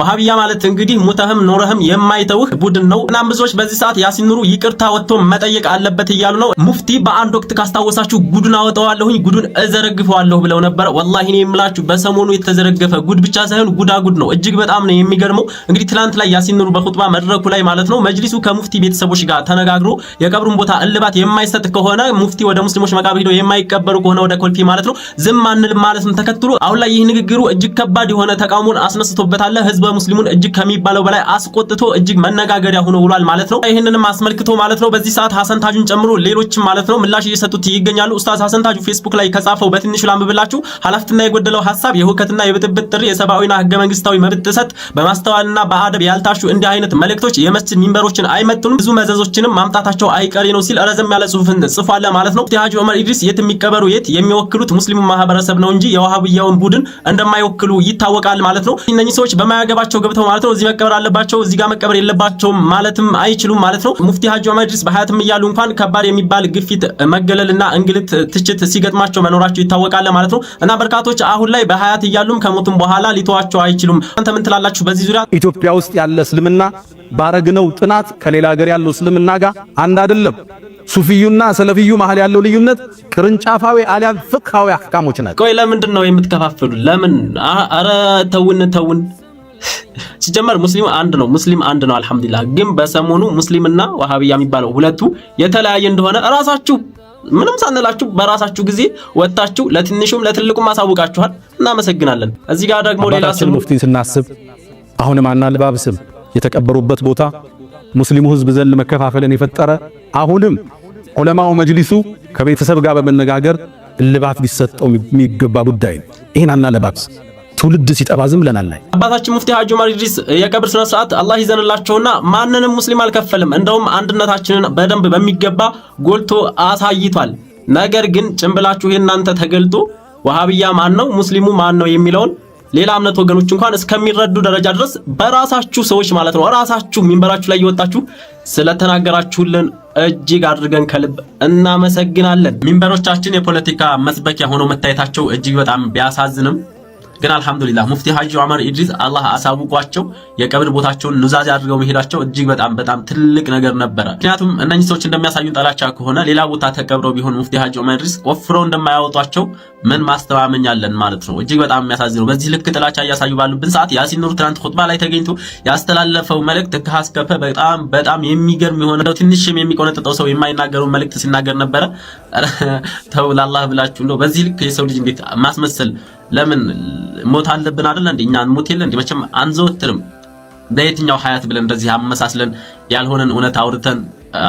ወሃቢያ ማለት እንግዲህ ሙተህም ኖረህም የማይተውህ ቡድን ነው። እናም ብዙዎች በዚህ ሰዓት ያሲን ኑሩ ይቅርታ ወጥቶ መጠየቅ አለበት እያሉ ነው። ሙፍቲ በአንድ ወቅት ካስታወሳችሁ ጉዱን አወጣዋለሁኝ ጉዱን እዘረግፈዋለሁ ብለው ነበረ። ወላሂ እኔ የምላችሁ በሰሞኑ የተዘረገፈ ጉድ ብቻ ሳይሆን ጉዳጉድ ነው። እጅግ በጣም ነው የሚገርመው። እንግዲህ ትናንት ላይ ያሲን ኑሩ በኹጥባ መድረኩ ላይ ማለት ነው መጅሊሱ ከሙፍቲ ቤተሰቦች ጋር ተነጋግሮ የቀብሩን ቦታ እልባት የማይሰጥ ከሆነ ሙፍቲ ወደ ሙስሊሞች መቃብር ሄደው የማይቀበሩ ከሆነ ወደ ኮልፌ ማለት ነው ዝም አንልም ማለት ነው። ተከትሎ አሁን ላይ ይህ ንግግሩ እጅግ ከባድ የሆነ ተቃውሞን አስነስቶበታል። ህዝብ ህዝበ ሙስሊሙን እጅግ ከሚባለው በላይ አስቆጥቶ እጅግ መነጋገሪያ ሆኖ ውሏል ማለት ነው። ይህንንም አስመልክቶ ማለት ነው በዚህ ሰዓት ሀሰን ታጁን ጨምሮ ሌሎችም ማለት ነው ምላሽ እየሰጡት ይገኛሉ። ኡስታዝ ሀሰን ታጁ ፌስቡክ ላይ ከጻፈው በትንሹ ላንብብላችሁ። ኃላፊነትና የጎደለው ሀሳብ፣ የሁከትና የብጥብጥ ጥሪ፣ የሰብአዊና ህገ መንግስታዊ መብት ጥሰት፣ በማስተዋልና በአደብ ያልታሹ እንዲህ አይነት መልእክቶች የመስጅድ ሚንበሮችን አይመጡንም፣ ብዙ መዘዞችንም ማምጣታቸው አይቀሬ ነው ሲል ረዘም ያለ ጽሁፍን ጽፏል ማለት ነው። ሙፍቲ ሀጂ ዑመር ኢድሪስ የት የሚቀበሩ የት የሚወክሉት ሙስሊሙ ማህበረሰብ ነው እንጂ የዋሃብያውን ቡድን እንደማይወክሉ ይታወቃል ማለት ነው። እነኚህ ሰዎች በማያገ አጠገባቸው ገብተው ማለት ነው እዚህ መቀበር አለባቸው እዚህ ጋር መቀበር የለባቸውም ማለትም አይችሉም ማለት ነው። ሙፍቲ ሀጂ ዑመር ኢድሪስ በሀያትም እያሉ እንኳን ከባድ የሚባል ግፊት፣ መገለልና እንግልት፣ ትችት ሲገጥማቸው መኖራቸው ይታወቃል ማለት ነው እና በርካቶች አሁን ላይ በሀያት እያሉም ከሞቱም በኋላ ሊተዋቸው አይችሉም። አንተ ምን ትላላችሁ በዚህ ዙሪያ? ኢትዮጵያ ውስጥ ያለ እስልምና ባረግነው ጥናት ከሌላ ሀገር ያለው እስልምና ጋር አንድ አይደለም። ሱፊዩና ሰለፊዩ መሀል ያለው ልዩነት ቅርንጫፋዊ አልያም ፍቅሃዊ አህካሞች ናቸው። ቆይ ለምንድን ነው የምትከፋፍሉ? ለምን? አረ ተውን ተውን ሲጀመር ሙስሊም አንድ ነው፣ ሙስሊም አንድ ነው። አልሐምዱሊላህ። ግን በሰሞኑ ሙስሊምና ዋሃብያ የሚባለው ሁለቱ የተለያየ እንደሆነ እራሳችሁ ምንም ሳንላችሁ በራሳችሁ ጊዜ ወጥታችሁ ለትንሹም ለትልቁም አሳውቃችኋል። እናመሰግናለን። እዚህ ጋር ደግሞ ሌላ ስም ሙፍቲን ስናስብ አሁንም አናልባብስም። የተቀበሩበት ቦታ ሙስሊሙ ህዝብ ዘንድ መከፋፈልን የፈጠረ አሁንም ዑለማው መጅሊሱ ከቤተሰብ ጋር በመነጋገር እልባት ሊሰጠው የሚገባ ጉዳይ ነው። ይህን አናለባብስ ትውልድ ሲጠፋ ዝም ብለናል። ላይ አባታችን ሙፍቲ ሀጂ ዑመር ኢድሪስ የቀብር ስነ ስርዓት አላህ ይዘንላቸውና ማንንም ሙስሊም አልከፈልም። እንደውም አንድነታችንን በደንብ በሚገባ ጎልቶ አሳይቷል። ነገር ግን ጭንብላችሁ የእናንተ ተገልጦ ወሃብያ ማን ነው ሙስሊሙ ማን ነው የሚለውን ሌላ እምነት ወገኖች እንኳን እስከሚረዱ ደረጃ ድረስ በራሳችሁ ሰዎች ማለት ነው ራሳችሁ ሚንበራችሁ ላይ እየወጣችሁ ስለተናገራችሁልን እጅግ አድርገን ከልብ እናመሰግናለን። ሚንበሮቻችን የፖለቲካ መስበኪያ ሆነው መታየታቸው እጅግ በጣም ቢያሳዝንም ግን አልሐምዱሊላህ ሙፍቲ ሀጂ ዑመር ኢድሪስ አላህ አሳውቋቸው የቀብር ቦታቸውን ኑዛዜ አድርገው መሄዳቸው እጅግ በጣም በጣም ትልቅ ነገር ነበረ። ምክንያቱም እነኚህ ሰዎች እንደሚያሳዩን ጠላቻ ከሆነ ሌላ ቦታ ተቀብረው ቢሆን ሙፍቲ ሀጂ ዑመር ኢድሪስ ቆፍረው እንደማያወጧቸው ምን ማስተማመኛ አለን ማለት ነው። እጅግ በጣም ነው። በዚህ ልክ ጥላቻ እያሳዩ ባሉብን ሰዓት ያሲን ኑር ትናንት ኹጥባ ላይ ተገኝቶ ያስተላለፈው መልእክት ከሀስከፈ በጣም በጣም የሚገርም የሆነ ትንሽም የሚቆነጥጠው ሰው የማይናገረው መልእክት ሲናገር ነበረ። ተው ለአላህ ብላችሁ ነው። በዚህ ልክ የሰው ልጅ እንዴት ማስመሰል? ለምን ሞት አለብን አይደል እንዴ? እኛ ሞት የለ እንዴ? መቼም አንዘወትርም። ለየትኛው ሀያት ብለን እንደዚህ አመሳስለን ያልሆነን እውነት አውርተን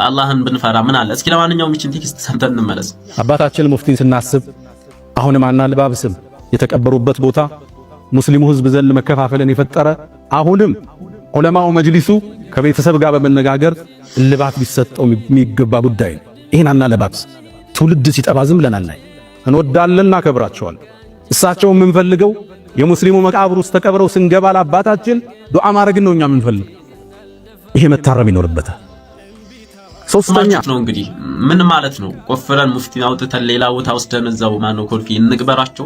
አላህን ብንፈራ ምን አለ? እስኪ ለማንኛውም እቺን ቴክስት ሰምተን እንመለስ። አባታችን ሙፍቲን ስናስብ አሁንም አናልባብስም። የተቀበሩበት ቦታ ሙስሊሙ ህዝብ ዘንድ መከፋፈልን የፈጠረ አሁንም ዑለማው መጅሊሱ ከቤተሰብ ጋር በመነጋገር እልባት ቢሰጠው የሚገባ ጉዳይ ነው። ይህን አናለባብስ ትውልድ ሲጠፋ ዝም ብለን አናይ። እንወዳለን፣ እናከብራቸዋለን። እሳቸው የምንፈልገው የሙስሊሙ መቃብር ውስጥ ተቀብረው ስንገባ ለአባታችን ዱዓ ማድረግን ነው እኛ የምንፈልገው። ይሄ መታረም ይኖርበታል። ሶስተኛ ነው እንግዲህ ምን ማለት ነው? ቆፍረን ሙፍቲን አውጥተን ሌላ ቦታ ወስደን እዛው ማነው ኮልፌ እንቅበራቸው?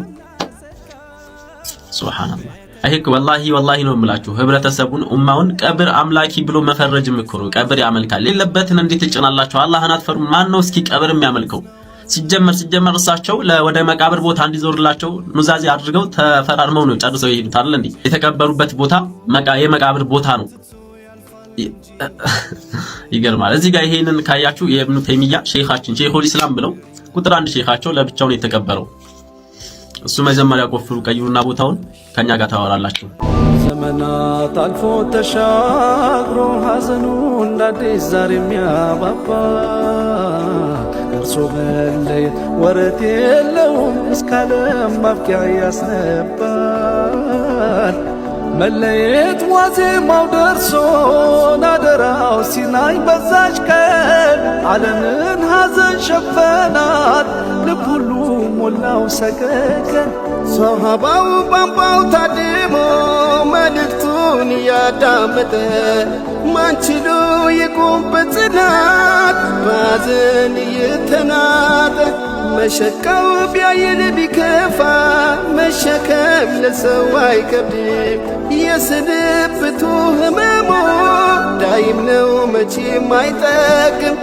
ሱብሃንአላህ። አይክ ወላሂ ወላሂ ነው የምላችሁ ህብረተሰቡን ኡማውን ቀብር አምላኪ ብሎ መፈረጅም እኮ ነው። ቀብር ያመልካል የለበትን እንዴት ትጭናላችሁ? አላህን አትፈሩም? ማን ነው እስኪ ቀብር የሚያመልከው? ሲጀመር ሲጀመር እሳቸው ወደ መቃብር ቦታ እንዲዞርላቸው ኑዛዜ አድርገው ተፈራርመው ነው ጨርሰው የሄዱት አይደል እንዴ? የተቀበሩበት ቦታ የመቃብር ቦታ ነው። ይገርማል። እዚህ ጋር ይሄንን ካያችሁ የኢብኑ ተይሚያ ሼኻችን ሼኹል ኢስላም ብለው ቁጥር አንድ ሼኻቸው ለብቻው ነው የተቀበረው። እሱ መጀመሪያ ቆፍሩ ቀይሩና ቦታውን ከኛ ጋር ታወራላችሁ። ዘመናት አልፎ ተሻግሮ ሀዘኑ እንዳዲስ ዛሬ የሚያባባ መለየት ወረት የለውም እስካለም ማብቂያ ያስነባል መለየት ዋዜማው ደርሶን አደራው ሲናይ በዛች ቀን ዓለምን ሐዘን ሸፈናት ልብ ሁሉ ሞላው ሰቀቀን ሰሃባው ባንባው ታድሞ መልእክቱን እያዳመጠ ማንችሉ ይቁም መሸቀው ቢያይል ቢከፋ መሸከም ለሰው አይከብድም። የስንብቱ ህመሙ ዳይም ነው መቼም አይጠቅም።